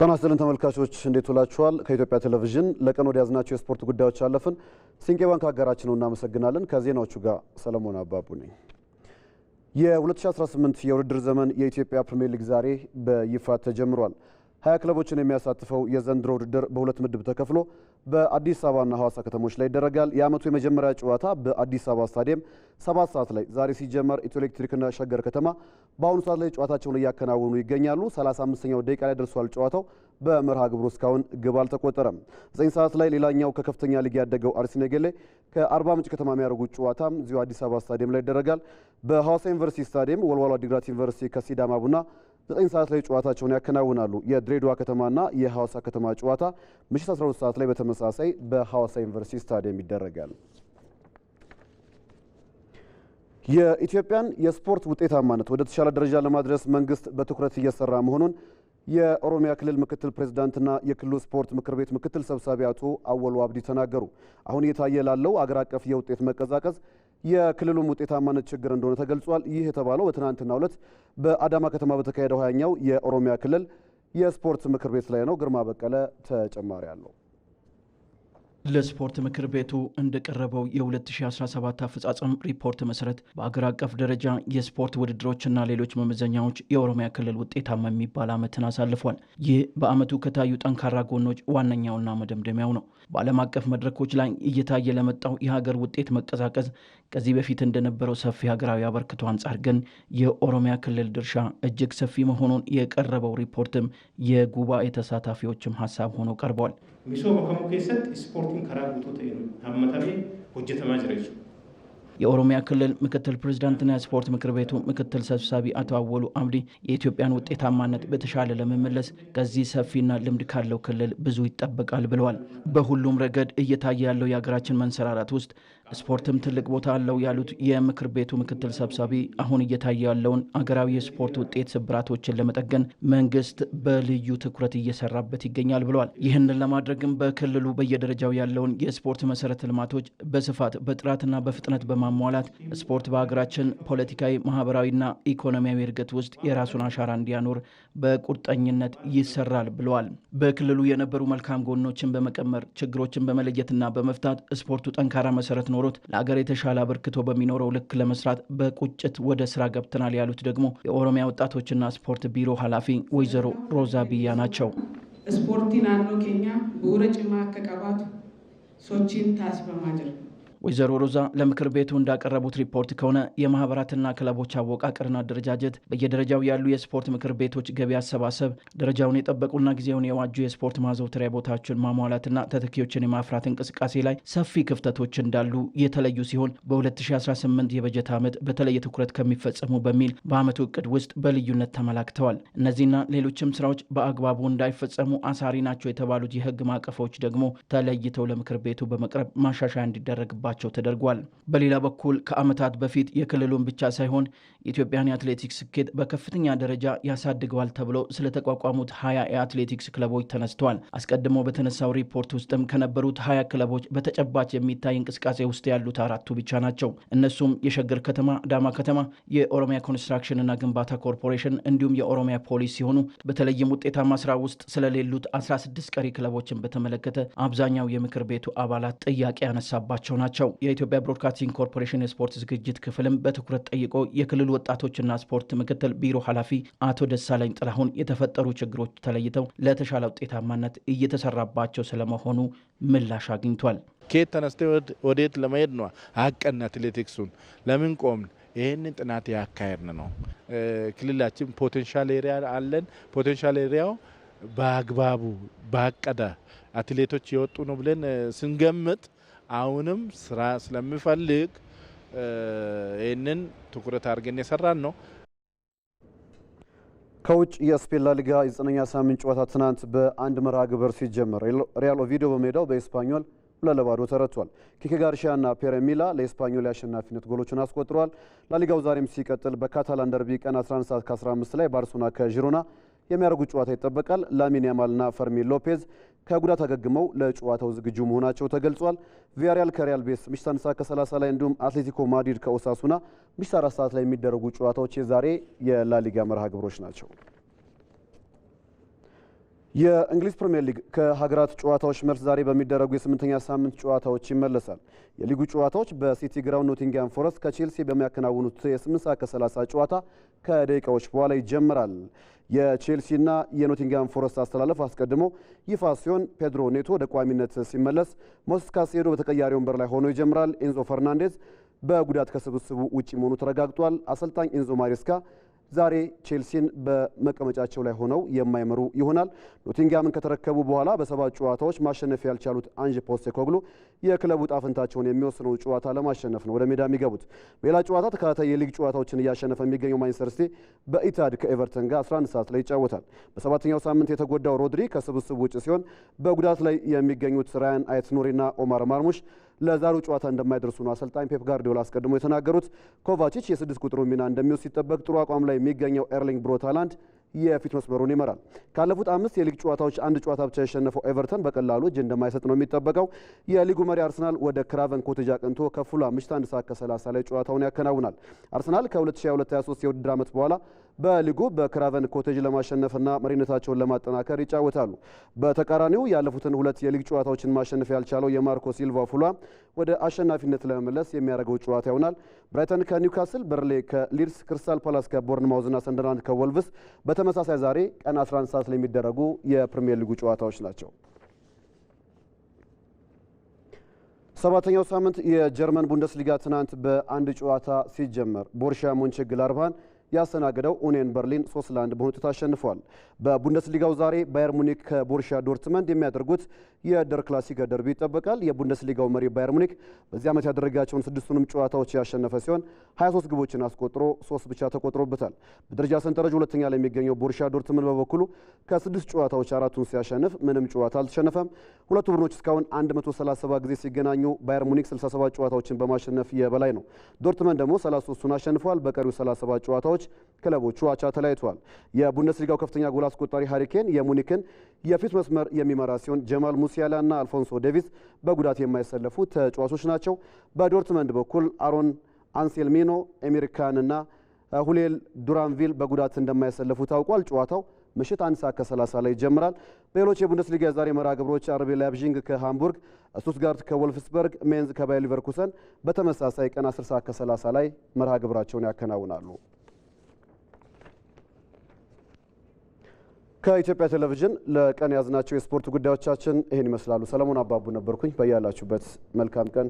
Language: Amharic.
ጤና ይስጥልን ተመልካቾች እንዴት ውላችኋል? ከኢትዮጵያ ቴሌቪዥን ለቀን ወደ ያዝናቸው የስፖርት ጉዳዮች አለፍን። ሲንቄ ባንክ አጋራችን ነው፣ እናመሰግናለን። ከዜናዎቹ ጋር ሰለሞን አባቡ ነኝ። የ2018 የውድድር ዘመን የኢትዮጵያ ፕሪሚየር ሊግ ዛሬ በይፋ ተጀምሯል። ሀያ ክለቦችን የሚያሳትፈው የዘንድሮ ውድድር በሁለት ምድብ ተከፍሎ በአዲስ አበባና ሐዋሳ ከተሞች ላይ ይደረጋል። የዓመቱ የመጀመሪያ ጨዋታ በአዲስ አበባ ስታዲየም ሰባት ሰዓት ላይ ዛሬ ሲጀመር ኢትዮ ኤሌክትሪክና ሸገር ከተማ በአሁኑ ሰዓት ላይ ጨዋታቸውን እያከናወኑ ይገኛሉ። 35ኛው ደቂቃ ላይ ደርሷል ጨዋታው። በመርሃ ግብሩ እስካሁን ግብ አልተቆጠረም። 9 ሰዓት ላይ ሌላኛው ከከፍተኛ ሊግ ያደገው አርሲ ነገሌ ከአርባ ምንጭ ከተማ የሚያደርጉት ጨዋታም እዚሁ አዲስ አበባ ስታዲየም ላይ ይደረጋል። በሐዋሳ ዩኒቨርሲቲ ስታዲየም ወልዋሎ አዲግራት ዩኒቨርሲቲ ከሲዳማ ቡና ዘጠኝ ሰዓት ላይ ጨዋታቸውን ያከናውናሉ። የድሬዳዋ ከተማና የሐዋሳ ከተማ ጨዋታ ምሽት 12 ሰዓት ላይ በተመሳሳይ በሐዋሳ ዩኒቨርሲቲ ስታዲየም ይደረጋል። የኢትዮጵያን የስፖርት ውጤታማነት ወደ ተሻለ ደረጃ ለማድረስ መንግስት በትኩረት እየሰራ መሆኑን የኦሮሚያ ክልል ምክትል ፕሬዝዳንትና የክልሉ ስፖርት ምክር ቤት ምክትል ሰብሳቢ አቶ አወሉ አብዲ ተናገሩ። አሁን እየታየ ላለው አገር አቀፍ የውጤት መቀዛቀዝ የክልሉም ውጤታማነት ችግር እንደሆነ ተገልጿል። ይህ የተባለው በትናንትናው ዕለት በአዳማ ከተማ በተካሄደው ሀያኛው የኦሮሚያ ክልል የስፖርት ምክር ቤት ላይ ነው። ግርማ በቀለ ተጨማሪ አለው። ለስፖርት ምክር ቤቱ እንደቀረበው የ2017 አፈጻጸም ሪፖርት መሰረት በአገር አቀፍ ደረጃ የስፖርት ውድድሮችና ሌሎች መመዘኛዎች የኦሮሚያ ክልል ውጤታማ የሚባል ዓመትን አሳልፏል። ይህ በዓመቱ ከታዩ ጠንካራ ጎኖች ዋነኛውና መደምደሚያው ነው። በዓለም አቀፍ መድረኮች ላይ እየታየ ለመጣው የሀገር ውጤት መቀዛቀዝ ከዚህ በፊት እንደነበረው ሰፊ ሀገራዊ አበርክቶ አንጻር ግን የኦሮሚያ ክልል ድርሻ እጅግ ሰፊ መሆኑን የቀረበው ሪፖርትም የጉባኤ ተሳታፊዎችም ሀሳብ ሆኖ ቀርቧል። misooma kamuu keessatti ispoortiin karaa guutuu ta'een hammatamee hojjetamaa jira jechuudha. የኦሮሚያ ክልል ምክትል ፕሬዚዳንትና የስፖርት ምክር ቤቱ ምክትል ሰብሳቢ አቶ አወሉ አምዲ የኢትዮጵያን ውጤታማነት በተሻለ ለመመለስ ከዚህ ሰፊና ልምድ ካለው ክልል ብዙ ይጠበቃል ብለዋል። በሁሉም ረገድ እየታየ ያለው የሀገራችን መንሰራራት ውስጥ ስፖርትም ትልቅ ቦታ አለው ያሉት የምክር ቤቱ ምክትል ሰብሳቢ አሁን እየታየ ያለውን አገራዊ የስፖርት ውጤት ስብራቶችን ለመጠገን መንግስት በልዩ ትኩረት እየሰራበት ይገኛል ብለዋል። ይህንን ለማድረግም በክልሉ በየደረጃው ያለውን የስፖርት መሰረተ ልማቶች በስፋት በጥራትና በፍጥነት በማሟላት ስፖርት በሀገራችን ፖለቲካዊ፣ ማህበራዊና ኢኮኖሚያዊ እድገት ውስጥ የራሱን አሻራ እንዲያኖር በቁርጠኝነት ይሰራል ብለዋል። በክልሉ የነበሩ መልካም ጎኖችን በመቀመር ችግሮችን በመለየትና በመፍታት ስፖርቱ ጠንካራ መሰረት ነው ኖሮት ለአገር የተሻለ አበርክቶ በሚኖረው ልክ ለመስራት በቁጭት ወደ ስራ ገብተናል ያሉት ደግሞ የኦሮሚያ ወጣቶችና ስፖርት ቢሮ ኃላፊ ወይዘሮ ሮዛ ቢያ ናቸው። ስፖርቲ ናኖ ኬኛ ጭማ ከቀባቱ ሶቺን ታሲበማ ወይዘሮ ሮዛ ለምክር ቤቱ እንዳቀረቡት ሪፖርት ከሆነ የማህበራትና ክለቦች አወቃቀርና አደረጃጀት፣ በየደረጃው ያሉ የስፖርት ምክር ቤቶች ገቢ አሰባሰብ፣ ደረጃውን የጠበቁና ጊዜውን የዋጁ የስፖርት ማዘውተሪያ ቦታዎችን ማሟላትና ተተኪዎችን የማፍራት እንቅስቃሴ ላይ ሰፊ ክፍተቶች እንዳሉ የተለዩ ሲሆን በ2018 የበጀት ዓመት በተለየ ትኩረት ከሚፈጸሙ በሚል በዓመቱ እቅድ ውስጥ በልዩነት ተመላክተዋል። እነዚህና ሌሎችም ስራዎች በአግባቡ እንዳይፈጸሙ አሳሪ ናቸው የተባሉት የህግ ማዕቀፎች ደግሞ ተለይተው ለምክር ቤቱ በመቅረብ ማሻሻያ እንዲደረግባቸው እንዲኖራቸው ተደርጓል። በሌላ በኩል ከዓመታት በፊት የክልሉን ብቻ ሳይሆን የኢትዮጵያን የአትሌቲክስ ስኬት በከፍተኛ ደረጃ ያሳድገዋል ተብለው ስለተቋቋሙት ሀያ የአትሌቲክስ ክለቦች ተነስተዋል። አስቀድሞ በተነሳው ሪፖርት ውስጥም ከነበሩት ሀያ ክለቦች በተጨባጭ የሚታይ እንቅስቃሴ ውስጥ ያሉት አራቱ ብቻ ናቸው። እነሱም የሸገር ከተማ፣ ዳማ ከተማ፣ የኦሮሚያ ኮንስትራክሽንና ግንባታ ኮርፖሬሽን እንዲሁም የኦሮሚያ ፖሊስ ሲሆኑ በተለይም ውጤታማ ስራ ውስጥ ስለሌሉት 16 ቀሪ ክለቦችን በተመለከተ አብዛኛው የምክር ቤቱ አባላት ጥያቄ ያነሳባቸው ናቸው። ናቸው። የኢትዮጵያ ብሮድካስቲንግ ኮርፖሬሽን የስፖርት ዝግጅት ክፍልም በትኩረት ጠይቆ የክልል ወጣቶችና ስፖርት ምክትል ቢሮ ኃላፊ አቶ ደሳለኝ ጥላሁን የተፈጠሩ ችግሮች ተለይተው ለተሻለ ውጤታማነት እየተሰራባቸው ስለመሆኑ ምላሽ አግኝቷል። ከየት ተነስተ ወዴት ለመሄድ ነው? አቀን አትሌቲክሱን ለምን ቆምን? ይህንን ጥናት ያካሄድን ነው። ክልላችን ፖቴንሻል ኤሪያ አለን። ፖቴንሻል ኤሪያው በአግባቡ ባቀደ አትሌቶች የወጡ ነው ብለን ስንገምጥ አሁንም ስራ ስለሚፈልግ ይህንን ትኩረት አድርገን የሰራን ነው። ከውጭ የስፔን ላሊጋ የዘጠነኛ ሳምንት ጨዋታ ትናንት በአንድ መርሃ ግብር ሲጀመር ሪያል ቪዲዮ በሜዳው በኤስፓኞል ሁለት ለባዶ ተረቷል። ኪኬ ጋርሺያና ፔሬሚላ ለኤስፓኞል የአሸናፊነት ጎሎችን አስቆጥረዋል። ላሊጋው ዛሬም ሲቀጥል በካታላን ደርቢ ቀን 11 ሰዓት ከ15 ላይ ባርሶና ከዢሮና የሚያደርጉት ጨዋታ ይጠበቃል። ላሚን ያማልና ፈርሚን ሎፔዝ ከጉዳት አገግመው ለጨዋታው ዝግጁ መሆናቸው ተገልጿል። ቪያሪያል ከሪያል ቤስ ምሽት አንድ ሰዓት ከሰላሳ ላይ እንዲሁም አትሌቲኮ ማድሪድ ከኦሳሱና ምሽት አራት ሰዓት ላይ የሚደረጉ ጨዋታዎች የዛሬ የላሊጋ መርሃ ግብሮች ናቸው። የእንግሊዝ ፕሪምየር ሊግ ከሀገራት ጨዋታዎች መልስ ዛሬ በሚደረጉ የስምንተኛ ሳምንት ጨዋታዎች ይመለሳል። የሊጉ ጨዋታዎች በሲቲ ግራውንድ ኖቲንግያም ፎረስት ከቼልሲ በሚያከናውኑት የስምንት ሰዓት ከሰላሳ ጨዋታ ከደቂቃዎች በኋላ ይጀምራል። የቼልሲና የኖቲንግያም ፎረስት አስተላለፍ አስቀድሞ ይፋ ሲሆን ፔድሮ ኔቶ ወደ ቋሚነት ሲመለስ፣ ሞይሴስ ካሴዶ በተቀያሪ ወንበር ላይ ሆኖ ይጀምራል። ኤንዞ ፈርናንዴዝ በጉዳት ከስብስቡ ውጪ መሆኑ ተረጋግጧል። አሰልጣኝ ኤንዞ ማሬስካ ዛሬ ቼልሲን በመቀመጫቸው ላይ ሆነው የማይመሩ ይሆናል። ኖቲንግያምን ከተረከቡ በኋላ በሰባት ጨዋታዎች ማሸነፍ ያልቻሉት አንጅ ፖስቴኮግሉ የክለቡ ጣፍንታቸውን የሚወስነው ጨዋታ ለማሸነፍ ነው ወደ ሜዳ የሚገቡት። በሌላ ጨዋታ ተከታታይ የሊግ ጨዋታዎችን እያሸነፈ የሚገኘው ማንቸስተር ሲቲ በኢታድ ከኤቨርተን ጋር 11 ሰዓት ላይ ይጫወታል። በሰባተኛው ሳምንት የተጎዳው ሮድሪ ከስብስብ ውጭ ሲሆን በጉዳት ላይ የሚገኙት ራያን አይት ኑሪና ኦማር ማርሙሽ ለዛሬው ጨዋታ እንደማይደርሱ ነው አሰልጣኝ ፔፕ ጋርዲዮላ አስቀድሞ የተናገሩት። ኮቫቺች የስድስት ቁጥሩ ሚና እንደሚወስድ ሲጠበቅ፣ ጥሩ አቋም ላይ የሚገኘው ኤርሊንግ ብሮት ሃላንድ የፊት መስመሩን ይመራል። ካለፉት አምስት የሊግ ጨዋታዎች አንድ ጨዋታ ብቻ የሸነፈው ኤቨርተን በቀላሉ እጅ እንደማይሰጥ ነው የሚጠበቀው። የሊጉ መሪ አርሰናል ወደ ክራቨን ኮቴጅ አቅንቶ ከፉላ ምሽት አንድ ሰዓት ከሰላሳ ላይ ጨዋታውን ያከናውናል። አርሰናል ከ2022/23 የውድድር ዓመት በኋላ በሊጉ በክራቨን ኮቴጅ ለማሸነፍና መሪነታቸውን ለማጠናከር ይጫወታሉ። በተቃራኒው ያለፉትን ሁለት የሊግ ጨዋታዎችን ማሸነፍ ያልቻለው የማርኮ ሲልቫ ፉሏ ወደ አሸናፊነት ለመመለስ የሚያደርገው ጨዋታ ይሆናል። ብራይተን ከኒውካስል፣ በርሌ ከሊድስ፣ ክሪስታል ፓላስ ከቦርንማውዝና ሰንደርላንድ ከወልቭስ በተመሳሳይ ዛሬ ቀን 11 ሰዓት ላይ የሚደረጉ የፕሪሚየር ሊጉ ጨዋታዎች ናቸው። ሰባተኛው ሳምንት የጀርመን ቡንደስሊጋ ትናንት በአንድ ጨዋታ ሲጀመር ቦርሻ ሞንቼ ያስተናገደው ኡኒየን በርሊን ሶስት ለአንድ በሆነ ውጤት አሸንፏል። በቡንደስሊጋው ዛሬ ባየር ሙኒክ ከቦርሻ ዶርትመንድ የሚያደርጉት የደር ክላሲከ ደርቢ ይጠበቃል። የቡንደስሊጋው መሪ ባየር ሙኒክ በዚህ ዓመት ያደረጋቸውን ስድስቱንም ጨዋታዎች ያሸነፈ ሲሆን 23 ግቦችን አስቆጥሮ ሶስት ብቻ ተቆጥሮበታል። በደረጃ ሰንጠረዥ ሁለተኛ ላይ የሚገኘው ቦርሻ ዶርትመንድ በበኩሉ ከስድስት ጨዋታዎች አራቱን ሲያሸንፍ ምንም ጨዋታ አልተሸነፈም። ሁለቱ ቡድኖች እስካሁን 137 ጊዜ ሲገናኙ ባየር ሙኒክ 67 ጨዋታዎችን በማሸነፍ የበላይ ነው። ዶርትመንድ ደግሞ 33ቱን አሸንፏል። በቀሪው 37 ጨዋታዎች ግጥሚያዎች ክለቦቹ አቻ ተለያይተዋል። የቡንደስሊጋው ከፍተኛ ጎል አስቆጣሪ ሃሪኬን የሙኒክን የፊት መስመር የሚመራ ሲሆን ጀማል ሙሲያላ እና አልፎንሶ ዴቪስ በጉዳት የማይሰለፉ ተጫዋቾች ናቸው። በዶርትመንድ በኩል አሮን አንሴልሚኖ፣ እና ሁሌል ዱራንቪል በጉዳት እንደማይሰለፉ ታውቋል። ጨዋታው ምሽት አንድ ሰዓት ከሰላሳ ላይ ይጀምራል። በሌሎች የቡንደስሊጋ የዛሬ መርሃ ግብሮች አርቢ ላይፕዚንግ ከሃምቡርግ፣ ስቱትጋርት ከወልፍስበርግ፣ ሜንዝ ከባየር ሊቨርኩሰን በተመሳሳይ ቀን 10 ሰዓት ከ30 ላይ መርሃ ግብራቸውን ያከናውናሉ። ከኢትዮጵያ ቴሌቪዥን ለቀን ያዝናቸው የስፖርት ጉዳዮቻችን ይህን ይመስላሉ። ሰለሞን አባቡ ነበርኩኝ። በያላችሁበት መልካም ቀን